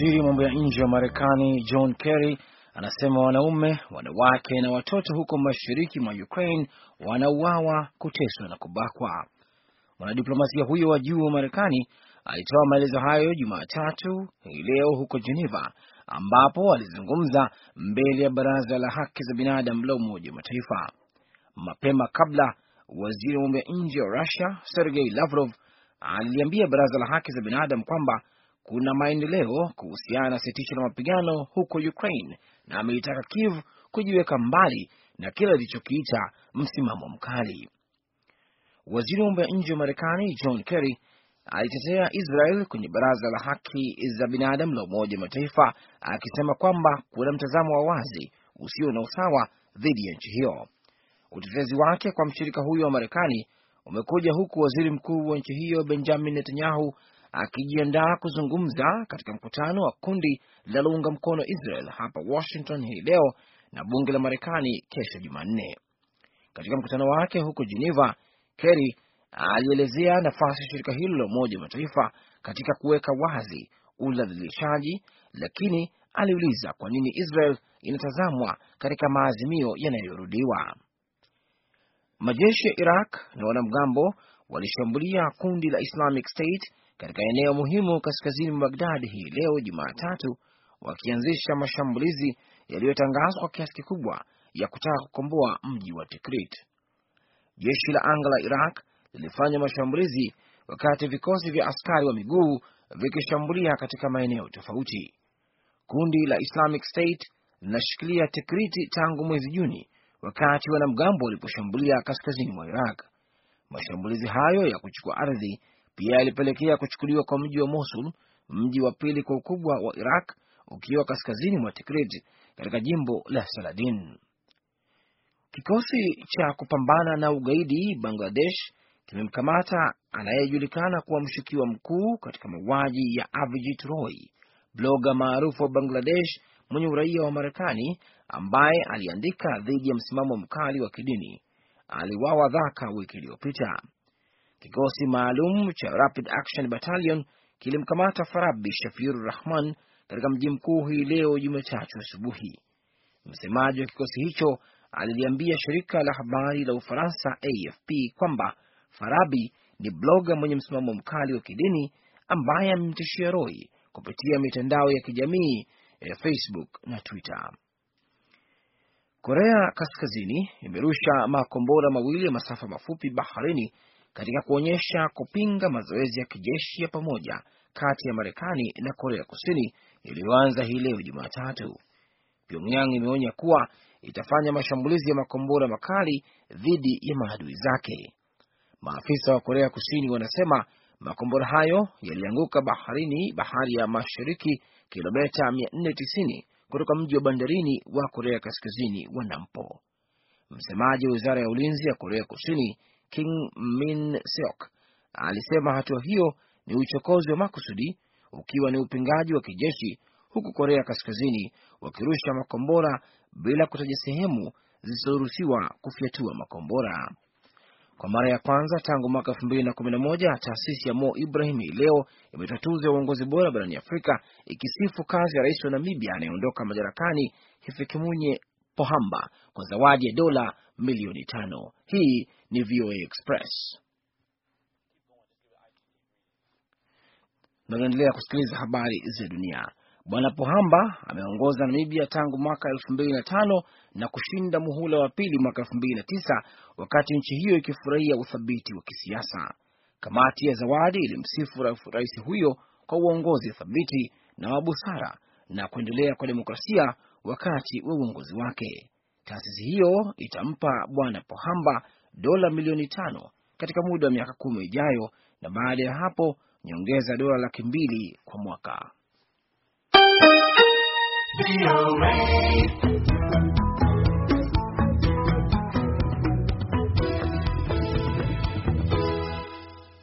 Waziri mambo ya nje wa Marekani John Kerry anasema wanaume, wanawake na watoto huko mashariki mwa Ukraine wanauawa, kuteswa na kubakwa. Mwanadiplomasia huyo wa juu wa Marekani alitoa maelezo hayo Jumatatu hii leo huko Geneva, ambapo alizungumza mbele ya Baraza la Haki za Binadamu la Umoja wa Mataifa. Mapema kabla, waziri wa mambo ya nje wa Russia Sergei Lavrov aliliambia Baraza la Haki za Binadamu kwamba kuna maendeleo kuhusiana na sitisho la mapigano huko Ukraine na ameitaka Kiev kujiweka mbali na kile alichokiita msimamo mkali. Waziri wa mambo ya nje wa Marekani John Kerry alitetea Israel kwenye Baraza la Haki za Binadamu la Umoja wa Mataifa akisema kwamba kuna mtazamo wa wazi usio na usawa dhidi ya nchi hiyo. Utetezi wake kwa mshirika huyo wa Marekani umekuja huku waziri mkuu wa nchi hiyo Benjamin Netanyahu akijiandaa kuzungumza katika mkutano wa kundi linalounga mkono Israel hapa Washington hii leo na bunge la Marekani kesho Jumanne. Katika mkutano wake huko Geneva, Kerry alielezea nafasi shirika hilo la Umoja wa Mataifa katika kuweka wazi udhalilishaji, lakini aliuliza kwa nini Israel inatazamwa katika maazimio yanayorudiwa. Majeshi ya Iraq na wanamgambo walishambulia kundi la Islamic State katika eneo muhimu kaskazini mwa Bagdad hii leo Jumatatu, wakianzisha mashambulizi yaliyotangazwa kwa kiasi kikubwa ya kutaka kukomboa mji wa Tikrit. Jeshi la anga la Iraq lilifanya mashambulizi wakati vikosi vya askari wa miguu vikishambulia katika maeneo tofauti. Kundi la Islamic State linashikilia Tikriti tangu mwezi Juni, wakati wanamgambo waliposhambulia kaskazini mwa Iraq. Mashambulizi hayo ya kuchukua ardhi pia yalipelekea kuchukuliwa kwa mji wa Mosul, mji wa pili kwa ukubwa wa Iraq, ukiwa kaskazini mwa Tikrit katika jimbo la Saladin. Kikosi cha kupambana na ugaidi Bangladesh kimemkamata anayejulikana kuwa mshukiwa mkuu katika mauaji ya Avijit Roy, bloga maarufu wa Bangladesh mwenye uraia wa Marekani ambaye aliandika dhidi ya msimamo mkali wa kidini. Aliwawa Dhaka wiki iliyopita. Kikosi maalum cha Rapid Action Battalion kilimkamata Farabi Shafirur Rahman katika mji mkuu hii leo Jumatatu asubuhi. Msemaji wa kikosi hicho aliliambia shirika la habari la Ufaransa AFP kwamba Farabi ni bloga mwenye msimamo mkali wa kidini ambaye amemtishia Roy kupitia mitandao ya kijamii ya eh, Facebook na Twitter. Korea Kaskazini imerusha makombora mawili ya masafa mafupi baharini katika kuonyesha kupinga mazoezi ya kijeshi ya pamoja kati ya Marekani na Korea Kusini iliyoanza hii leo Jumatatu. Pyongyang imeonya kuwa itafanya mashambulizi ya makombora makali dhidi ya maadui zake. Maafisa wa Korea Kusini wanasema makombora hayo yalianguka baharini, bahari ya Mashariki, kilomita 490 kutoka mji wa bandarini wa Korea Kaskazini wa Nampo. Msemaji wa wizara ya ulinzi ya Korea Kusini King Min Seok alisema hatua hiyo ni uchokozi wa makusudi ukiwa ni upingaji wa kijeshi, huku Korea Kaskazini wakirusha makombora bila kutaja sehemu zilizoruhusiwa kufyatua makombora. Kwa mara ya kwanza tangu mwaka elfu mbili na kumi na moja taasisi ya Mo Ibrahim hii leo imetoa tuzo ya uongozi bora barani Afrika ikisifu kazi ya rais wa Namibia anayeondoka madarakani Hifikepunye Pohamba kwa zawadi ya dola milioni tano. Hii ni VOA Express Naendelea kusikiliza habari za dunia. Bwana Pohamba ameongoza Namibia tangu mwaka elfu mbili na tano na kushinda muhula wa pili mwaka elfu mbili na tisa wakati nchi hiyo ikifurahia uthabiti wa kisiasa. Kamati ya zawadi ilimsifu rais huyo kwa uongozi thabiti na wa busara na kuendelea kwa demokrasia wakati wa uongozi wake. Taasisi hiyo itampa Bwana Pohamba dola milioni tano katika muda wa miaka kumi ijayo, na baada ya hapo nyongeza dola laki mbili kwa mwaka.